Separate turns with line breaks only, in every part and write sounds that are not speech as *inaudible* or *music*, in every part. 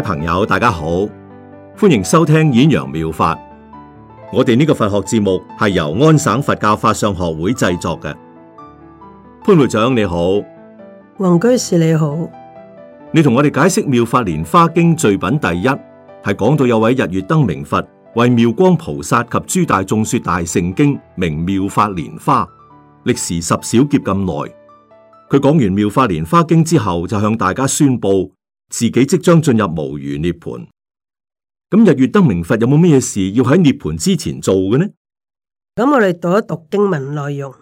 朋友，大家好，歡迎收聽《演揚妙，妙法》。我哋呢個佛學節目係由安省佛教法相學會製作嘅。潘會長你好，黃居士你好，你同我哋解釋《妙法蓮花經》序品第一，係講到有位日月燈明佛為妙光菩薩及諸大眾說大乘經，名《妙法蓮花》，歷時十小劫咁耐。佢講完《妙法蓮花經》之後，就向大家宣布。自己即將進入無餘涅槃，咁日月燈明佛有冇咩事要喺涅槃之前做嘅呢？
咁我哋讀一讀經文內容。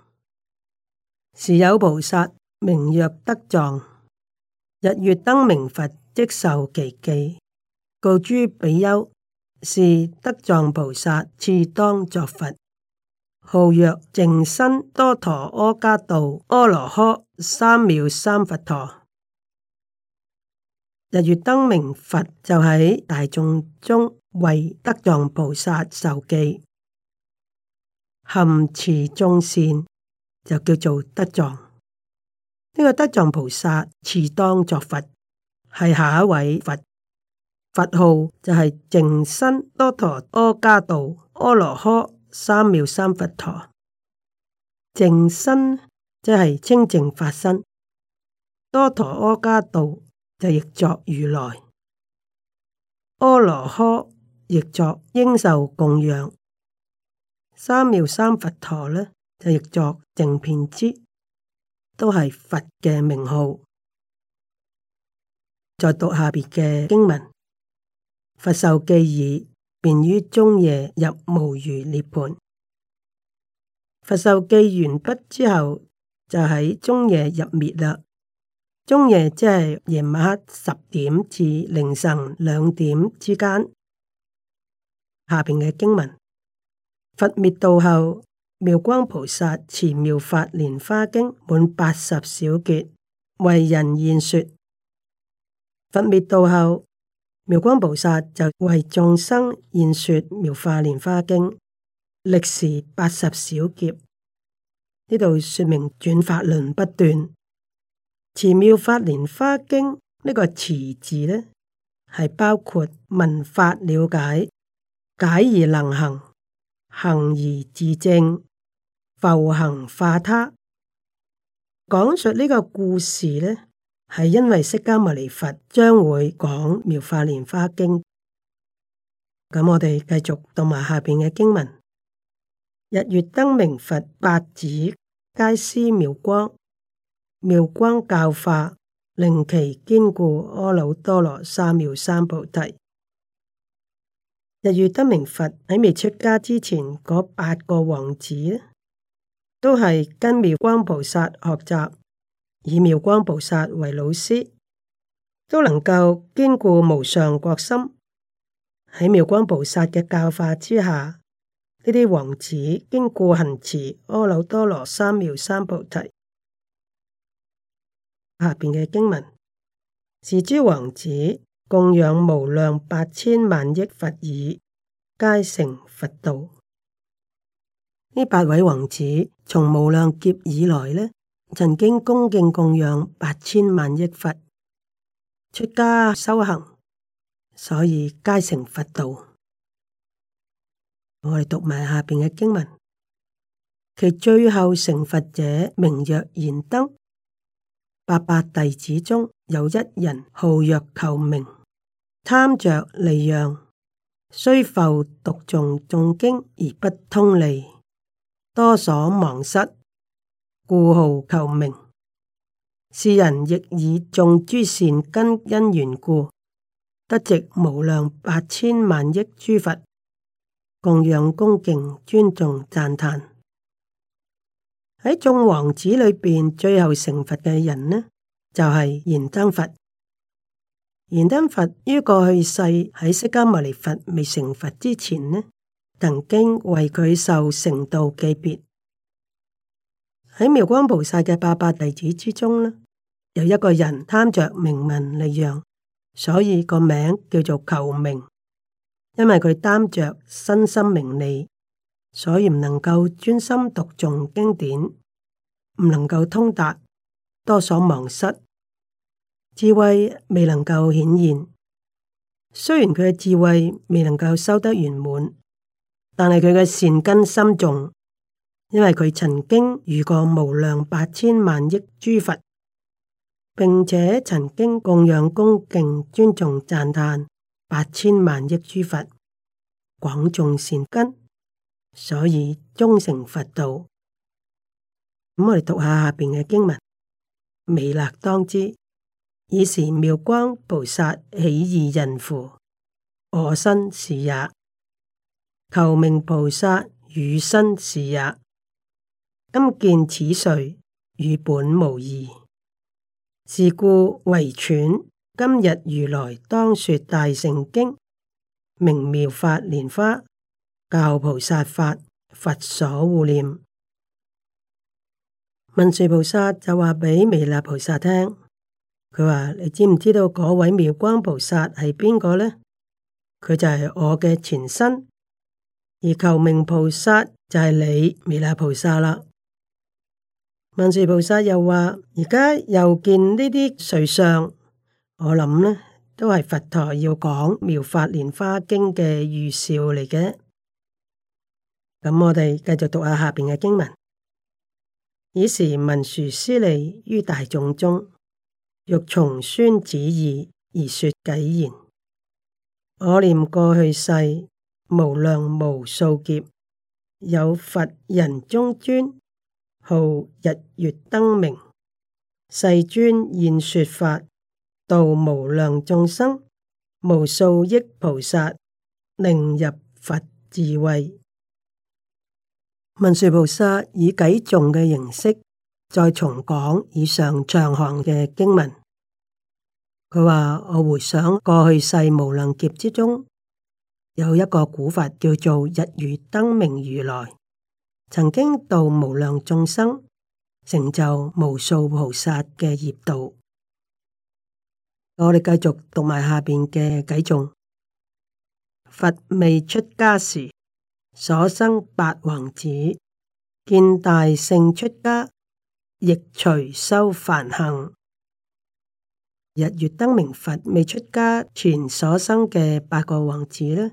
時有菩薩名曰德藏，日月燈明佛即授其記，告諸比丘：是德藏菩薩次當作佛，號曰淨身多陀阿伽道、阿羅訶三藐三佛陀。日月燈明佛就喺大眾中為德藏菩薩授記，含持眾善就叫做德藏。呢、這個德藏菩薩持當作佛，係下一位佛。佛號就係淨身多陀阿伽道阿羅訶三藐三佛陀。淨身即係清淨法身，多陀阿伽道。就譯作如來，阿羅呵譯作應受供養，三藐三佛陀呢就譯作正遍知，都係佛嘅名號。再讀下邊嘅經文：佛授記已，便於中夜入無餘涅槃。佛受記完畢之後，就喺中夜入滅喇。中夜即係夜晚黑十點至凌晨兩點之間。下邊嘅經文：佛滅度後，妙光菩薩持妙法蓮花經滿八十小劫，為人演說。佛滅度後，妙光菩薩就為眾生演說妙法蓮花經，歷時八十小劫。呢度說明轉法輪不斷。《慈妙法蓮華經》呢、這個慈字呢，係包括文法了解，解而能行，行而自正，浮行化他。講述呢個故事呢，係因為釋迦牟尼佛將會講《妙法蓮華經》。咁我哋繼續讀埋下邊嘅經文：日月燈明佛八子皆師妙光。妙光教化，令其堅固阿耨多羅三藐三菩提。日月燈明佛喺未出家之前，嗰八個王子都係跟妙光菩薩學習，以妙光菩薩為老師，都能夠堅固無上覺心。喺妙光菩薩嘅教化之下，呢啲王子堅固行持阿耨多羅三藐三菩提。下邊嘅經文是諸王子供養無量八千萬億佛已，皆成佛道。呢八位王子從無量劫以來呢，曾經恭敬供養八千萬億佛，出家修行，所以皆成佛道。我哋讀埋下邊嘅經文，其最後成佛者名曰燃燈。」八八弟子中有一人號曰求名，貪着利養，雖復讀誦眾經而不通利，多所忘失，故號求名。是人亦以種諸善根因緣故，得值無量百千萬億諸佛供養恭敬尊重讚歎。喺眾王子裏邊，最後成佛嘅人呢，就係燃燈佛。燃燈佛於過去世喺釋迦牟尼佛未成佛之前呢，曾經為佢受成道記別。喺妙光菩薩嘅八百弟子之中呢，有一個人貪着名聞利養，所以個名叫做求名，因為佢貪着身心名利。所以唔能夠專心讀誦經典，唔能夠通達，多所忘失，智慧未能夠顯現。雖然佢嘅智慧未能夠修得圓滿，但係佢嘅善根深重，因為佢曾經遇過無量八千萬億諸佛，並且曾經供養恭敬尊重讚歎八千萬億諸佛，廣種善根。所以終成佛道，咁、嗯、我哋讀下下邊嘅經文。彌勒當知，爾時妙光菩薩豈異人乎？我身是也；求名菩薩汝身是也。今見此瑞與本無異，是故惟忖。今日如來當說大乘經，名妙法蓮花。教菩薩法，佛所護念。文殊菩薩就話畀彌勒菩薩聽，佢話你知唔知道嗰位妙光菩薩係邊個呢？佢就係我嘅前身，而求名菩薩就係你彌勒菩薩啦。文殊菩薩又話：而家又見呢啲瑞相，我諗呢都係佛陀要講《妙法蓮花經》嘅預兆嚟嘅。咁我哋繼續讀下下邊嘅經文。爾時文殊師利於大眾中，欲重宣此義而說偈言：我念過去世，無量無數劫，有佛人中尊，號日月燈明，世尊演說法，度無量眾生，無數億菩薩，令入佛智慧。文殊菩薩以偈頌嘅形式再重講以上長行嘅經文。佢話：我回想過去世無量劫之中，有一個古佛叫做日月燈明如來，曾經度無量眾生，成就無數菩薩嘅業道。我哋繼續讀埋下邊嘅偈頌：佛未出家時。所生八王子見大聖出家，亦隨修梵行。日月燈明佛未出家，前所生嘅八個王子呢，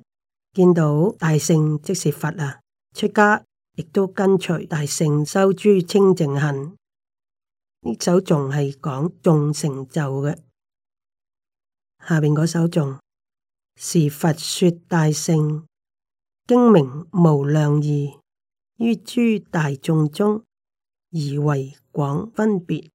見到大聖即是佛啦，出家亦都跟隨大聖修諸清淨行。呢首仲係講眾成就嘅，下面嗰首仲是佛說大聖。經名無量義，於諸大眾中，而為廣分別。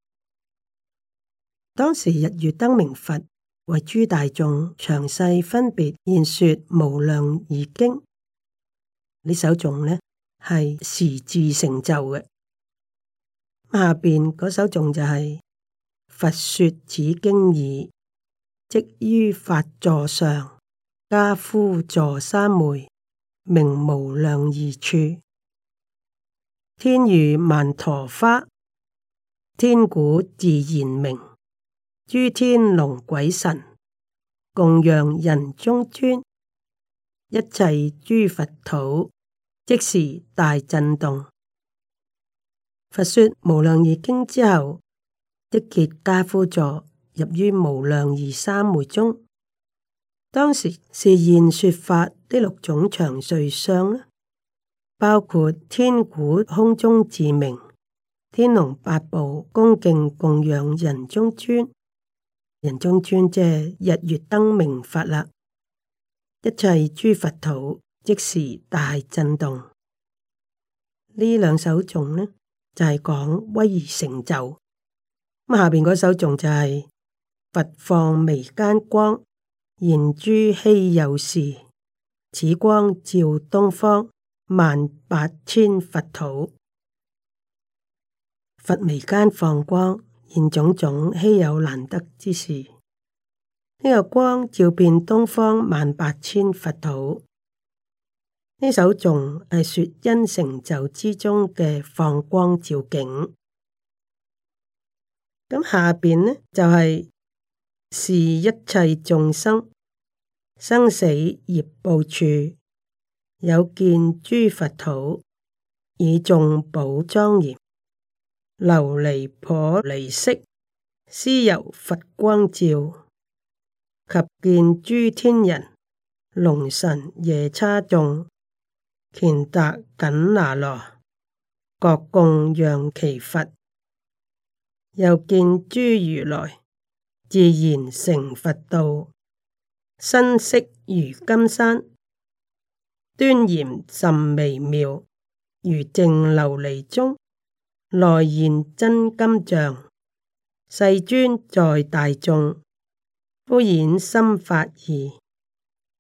當時日月燈明佛為諸大眾詳細分別，現說無量義經。首呢首頌呢係時至成就嘅。下邊嗰首頌就係、是、佛說此經已，即於法座上加趺坐三昧。明無量義處，天如曼陀花，天鼓自然鳴，諸天龍鬼神，共讓人中尊，一切諸佛土，即時大震動。佛說無量義經之後，即結跏趺坐，入於無量義三昧中。當時是現說法的六種長睡相啦，包括天鼓空中自鳴、天龍八部恭敬供養人中尊、人中尊即日月燈明法啦，一切諸佛土即時大震動。呢兩首頌呢就係、是、講威儀成就，咁下邊嗰首頌就係、是、佛放眉間光。現諸稀有事，此光照東方萬八千佛土，佛眉間放光，現種種稀有難得之事。呢個光照遍東方萬八千佛土。呢首頌係說因成就之中嘅放光照景。咁下邊呢就係、是。是一切眾生生死業報處，有見諸佛土以眾寶莊嚴琉璃頗梨色，斯由佛光照，及見諸天人龍神夜叉眾，乾闥婆緊那羅各供養其佛，又見諸如來。自然成佛道，身色如金山，端嚴甚微妙，如淨琉璃中內現真金像。世尊在大眾，敷演心法義，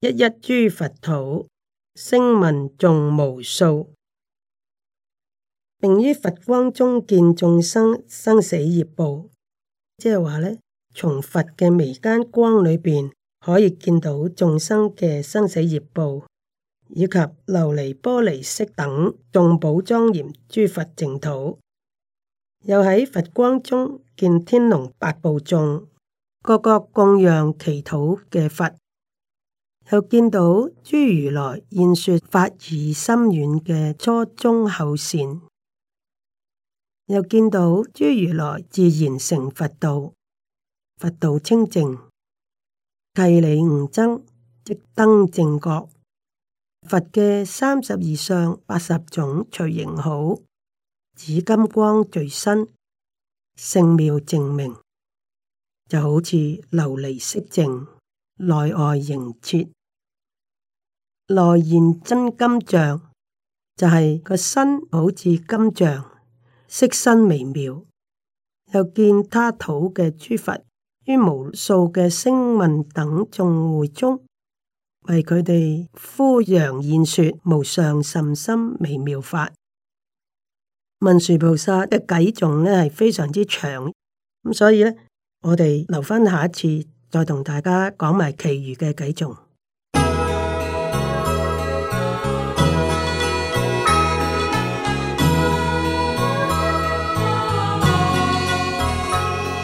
一一諸佛土，聲聞眾無數，並於佛光中見眾生生死業報。即係話呢。從佛嘅眉間光裏邊，可以見到眾生嘅生死業報，以及琉璃玻璃色等眾寶莊嚴諸佛淨土。又喺佛光中見天龍八部眾，各各供養其土嘅佛，又見到諸如來現說法義深遠嘅初中後善，又見到諸如來自然成佛道。佛道清淨，契理無增，即登正覺。佛嘅三十二相八十種隨形好，紫金光聚身，聖妙正明，就好似琉璃色淨，內外凝徹，內現真金像，就係、是、個身好似金像，色身微妙，又見他土嘅諸佛。於無數嘅聲聞等眾會中，為佢哋敷揚言說無上甚深微妙法。文殊菩薩嘅偈頌呢係非常之長，咁所以呢，我哋留翻，下一次再同大家講埋其餘嘅偈頌。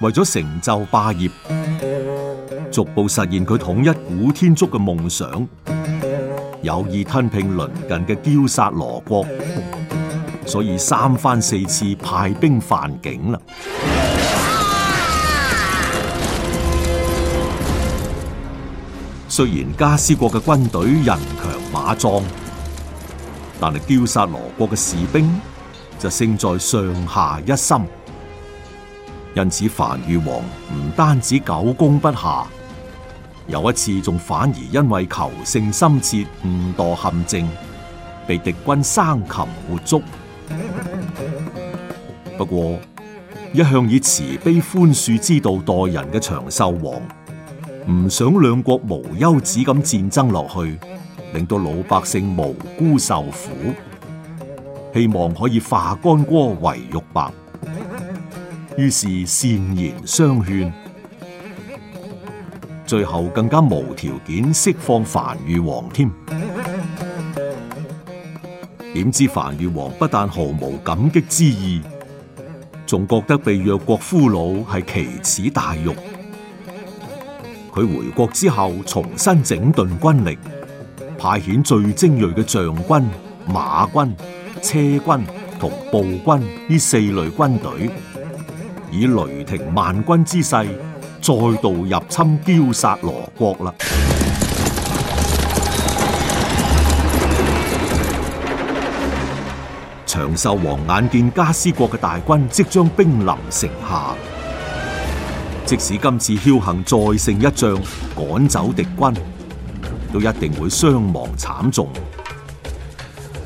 為咗成就霸業，逐步實現佢統一古天竺嘅夢想，有意吞併鄰近嘅憍薩羅國，所以三番四次派兵犯境啦。雖然迦尸國嘅軍隊人強馬壯，但係憍薩羅國嘅士兵就勝在上下一心。因此，梵豫王唔單止久攻不下，有一次仲反而因為求勝心切，誤墮陷阱，被敵軍生擒活捉。 *noise* 不過，一向以慈悲寬恕之道待人嘅長壽王，唔想兩國無休止咁戰爭落去，令到老百姓無辜受苦，希望可以化干戈為玉帛。於是善言相勸，最後更加無條件釋放梵豫王添。點知梵豫王不但毫無感激之意，仲覺得被弱國俘虜係奇恥大辱。佢回國之後，重新整頓軍力，派遣最精銳嘅將軍、馬軍、車軍同步軍呢四類軍隊。以雷霆萬鈞之勢，再度入侵憍薩羅國啦！長壽王眼見迦尸國嘅大軍即將兵臨城下，即使今次僥倖再勝一仗，趕走敵軍，都一定會傷亡慘重，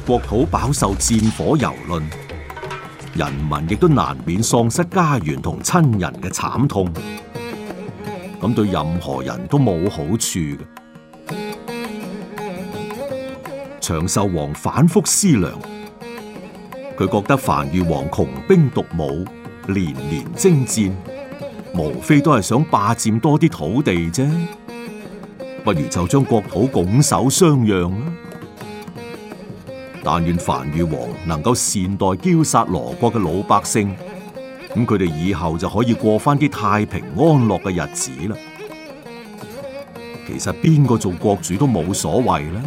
國土飽受戰火蹂躪。人民亦都難免喪失家園同親人嘅慘痛，咁對任何人都冇好處嘅。長壽王反覆思量，佢覺得梵豫王窮兵黷武，連連征戰，無非都係想霸占多啲土地啫，不如就將國土拱手相讓啦。但願梵豫王能夠善待憍薩羅國嘅老百姓，咁佢哋以後就可以過翻啲太平安樂嘅日子啦。其實邊個做國主都冇所謂呢。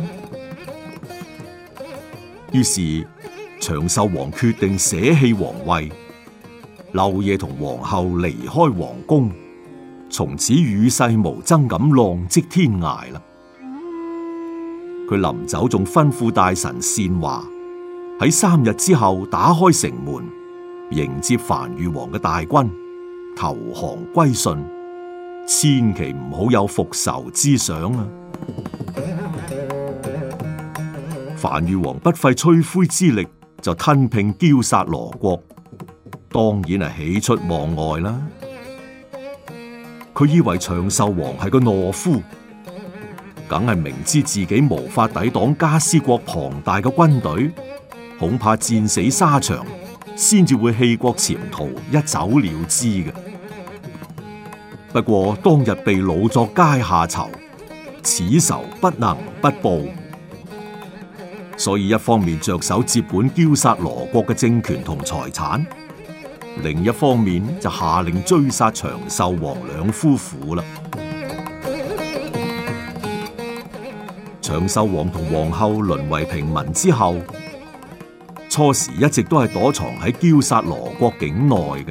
於是長壽王決定捨棄皇位，漏夜同皇后離開皇宮，從此與世無爭咁浪迹天涯啦。佢臨走仲吩咐大臣善華：喺三日之後打開城門迎接梵豫王嘅大軍投降歸順，千祈唔好有復仇之想啊！梵豫王不費吹灰之力就吞併憍薩羅國，當然係喜出望外啦！佢以為長壽王係個懦夫。梗係明知自己無法抵擋迦尸國龐大嘅軍隊，恐怕戰死沙場，先至會棄國潛逃，一走了之嘅。不過當日被老作階下囚，此仇不能不報，所以一方面着手接管憍薩羅國嘅政權同財產，另一方面就下令追殺長壽王兩夫婦啦。長壽王同皇后淪為平民之後，初時一直都係躲藏喺憍薩羅國境內嘅。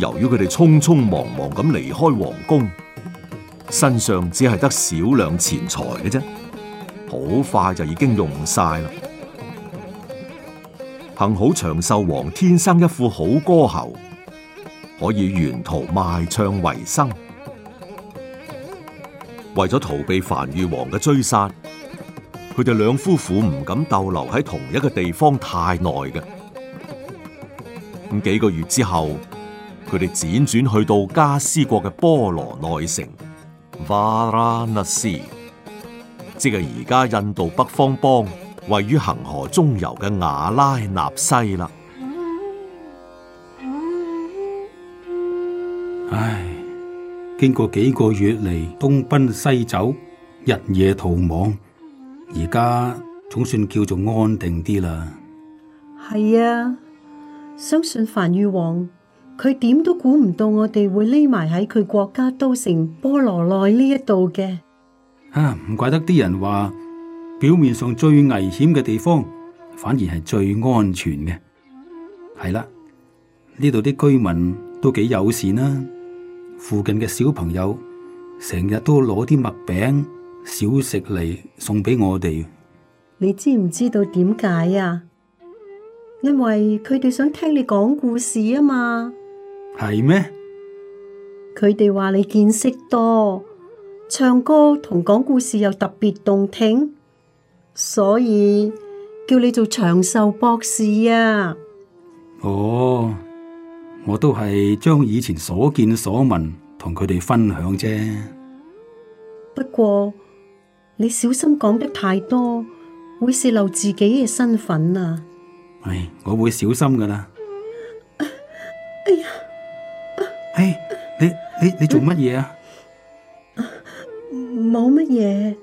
由於佢哋匆匆忙忙咁離開皇宮，身上只係得少量錢財嘅啫，好快就已經用晒啦。幸好長壽王天生一副好歌喉，可以沿途賣唱為生。為咗逃避梵豫王嘅追殺，佢哋兩夫婦唔敢逗留喺同一個地方太耐嘅。咁幾個月之後，佢哋輾轉去到加斯國嘅波羅奈城 Varanasi，即係而家印度北方邦位於恒河中游嘅瓦拉納西啦。
唉。經過幾個月嚟東奔西走，日夜逃亡，而家總算叫做安定啲啦。
係啊，相信梵豫王佢點都估唔到我哋會匿埋喺佢國家都城波羅奈呢一度嘅。
吓，啊，唔怪得啲人話，表面上最危險嘅地方，反而係最安全嘅。係啦，呢度啲居民都幾友善啊。附近嘅小朋友成日都攞啲麥餅小食嚟送俾我哋。
你知唔知道點解啊？因為佢哋想聽你講故事啊嘛。
係咩？
佢哋話你見識多，唱歌同講故事又特別動聽，所以叫你做長壽博士啊。
哦。我都係將以前所見所聞同佢哋分享啫。
不過你小心講得太多，會洩露自己嘅身份啊！唉，
我會小心噶啦、
啊。
哎呀！哎、啊，你你你做乜嘢啊？
冇乜嘢，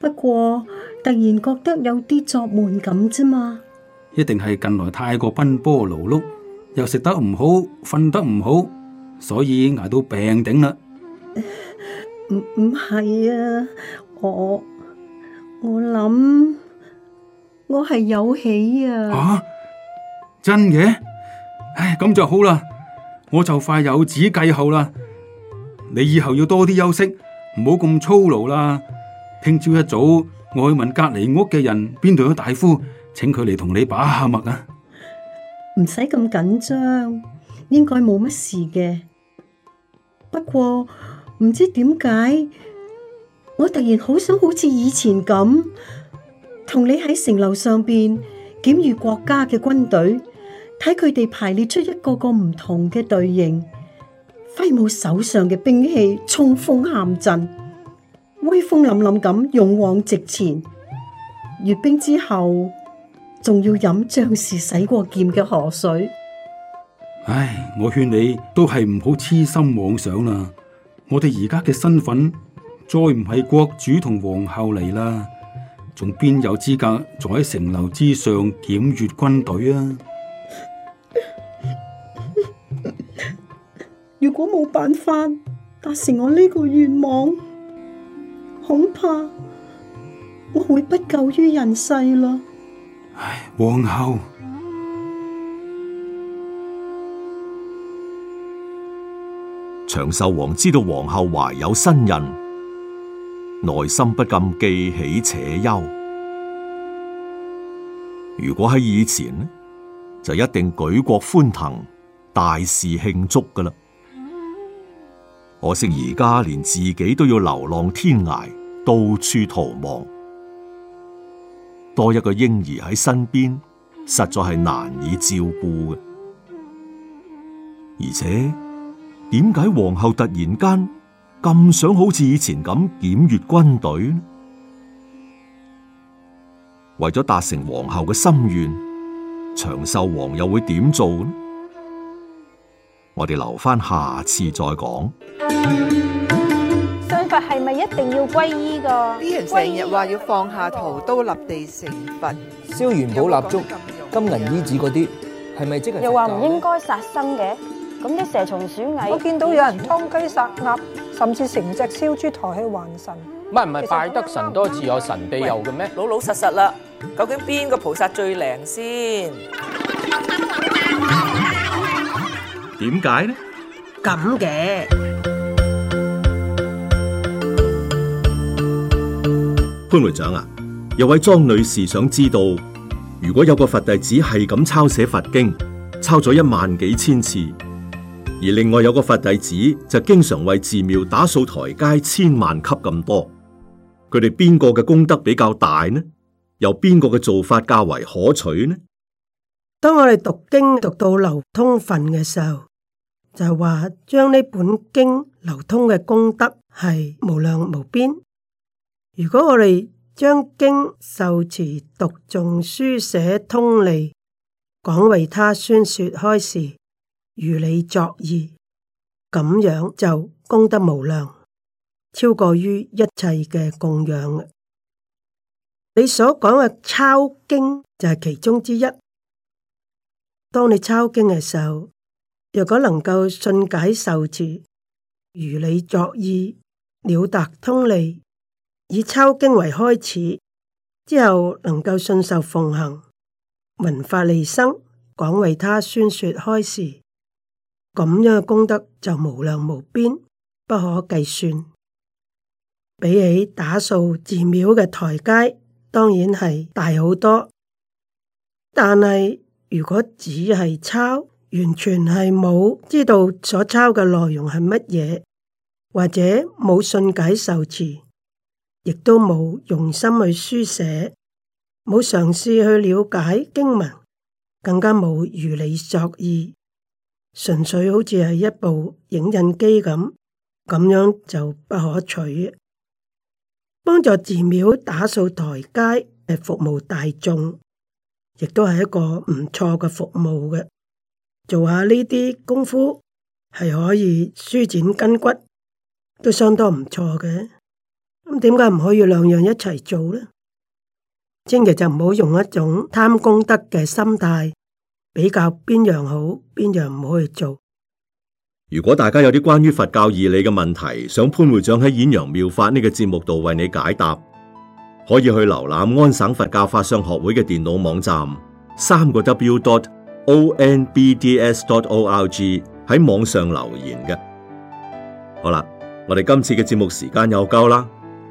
不過突然覺得有啲作悶咁啫嘛。
一定係近來太過奔波勞碌。又食得唔好，瞓得唔好，所以捱到病頂啦。
唔，唔係啊，我，我諗我係有喜啊。吓？啊，
真嘅？唉，咁就好啦，我就快有子繼後啦。你以後要多啲休息，唔好咁操勞啦。聽朝一早，我去問隔籬屋嘅人邊度有大夫，請佢嚟，同你把下脈啊。
唔使咁緊張，應該冇乜事嘅。不過唔知點解，我突然好想好似以前咁，同你喺城樓上面檢閱國家嘅軍隊，睇佢哋排列出一個個唔同嘅隊形，揮舞手上嘅兵器，衝鋒陷陣，威風凜凜咁勇往直前。閱兵之後。仲要飲將士洗過劍嘅河水？
唉，我勸你都係唔好痴心妄想啦！我哋而家嘅身份再唔係國主同皇后嚟啦，仲邊有資格坐喺城樓之上檢閱軍隊啊？
如果冇辦法達成我呢個願望，恐怕我會不久於人世啦。
皇后，長壽王知道皇后懷有身孕，內心不禁既喜且憂。如果喺以前呢，就一定舉國歡騰，大肆慶祝噶啦。可惜而家連自己都要流浪天涯，到處逃亡。多一個嬰兒喺身邊，實在係難以照顧嘅。而且，點解皇后突然間咁想好似以前咁檢閱軍隊呢？為咗達成皇后嘅心願，長壽王又會點做呢？我哋留翻下次再講。
係咪一定要皈依㗎？呢啲人成日話要放下屠刀立地成
佛，燒元寶蠟燭、金銀衣紙嗰啲，係咪即係？又話唔應該
殺生嘅，咁啲蛇蟲鼠蟻，我見到有人劏雞殺鴨，甚至成隻燒豬抬去還神。
唔係唔係，拜得神多自有神庇佑嘅咩？老老實實啦，究竟邊個菩薩最靈先？點解呢？咁嘅。潘會長啊，有位莊女士想知道，如果有個佛弟子係咁抄寫佛經，抄咗一萬幾千次，而另外有個佛弟子就經常為寺廟打掃台階千萬級咁多，佢哋邊個嘅功德比較大呢？由邊個嘅做法較為可取呢？當我哋讀經
讀到流通分嘅時候，就係話將呢本經流通嘅功德係無量無邊。如果我哋將經受持讀誦書寫通利，講為他宣說開示，如理作意，咁樣就功德無量，超過於一切嘅供養。你所講嘅抄經就係其中之一。當你抄經嘅時候，若果能夠信解受持，如理作意，了達通利。以抄經為開始，之後能夠信受奉行，文化利生，廣為他宣說開示，咁樣嘅功德就無量無邊，不可計算。比起打掃寺廟嘅台階，當然係大好多。但係如果只係抄，完全係冇知道所抄嘅內容係乜嘢，或者冇信解受持。亦都冇用心去書寫，冇嘗試去了解經文，更加冇如理作意，純粹好似係一部影印機咁，咁樣就不可取。幫助寺廟打掃台階，誒，服務大眾，亦都係一個唔錯嘅服務嘅。做下呢啲功夫係可以舒展筋骨，都相當唔錯嘅。咁點解唔可以兩樣一齊做咧？千祈就唔好用一種貪功德嘅心態，比較邊樣好，邊樣唔可以做。
如果大家有啲關於佛教義理嘅問題，想潘會長喺《演揚妙法》呢、這個節目度為你解答，可以去瀏覽安省佛教法相學會嘅電腦網站，三個 W dot O N B D S dot O R G 喺網上留言嘅。好啦，我哋今次嘅節目時間又夠啦。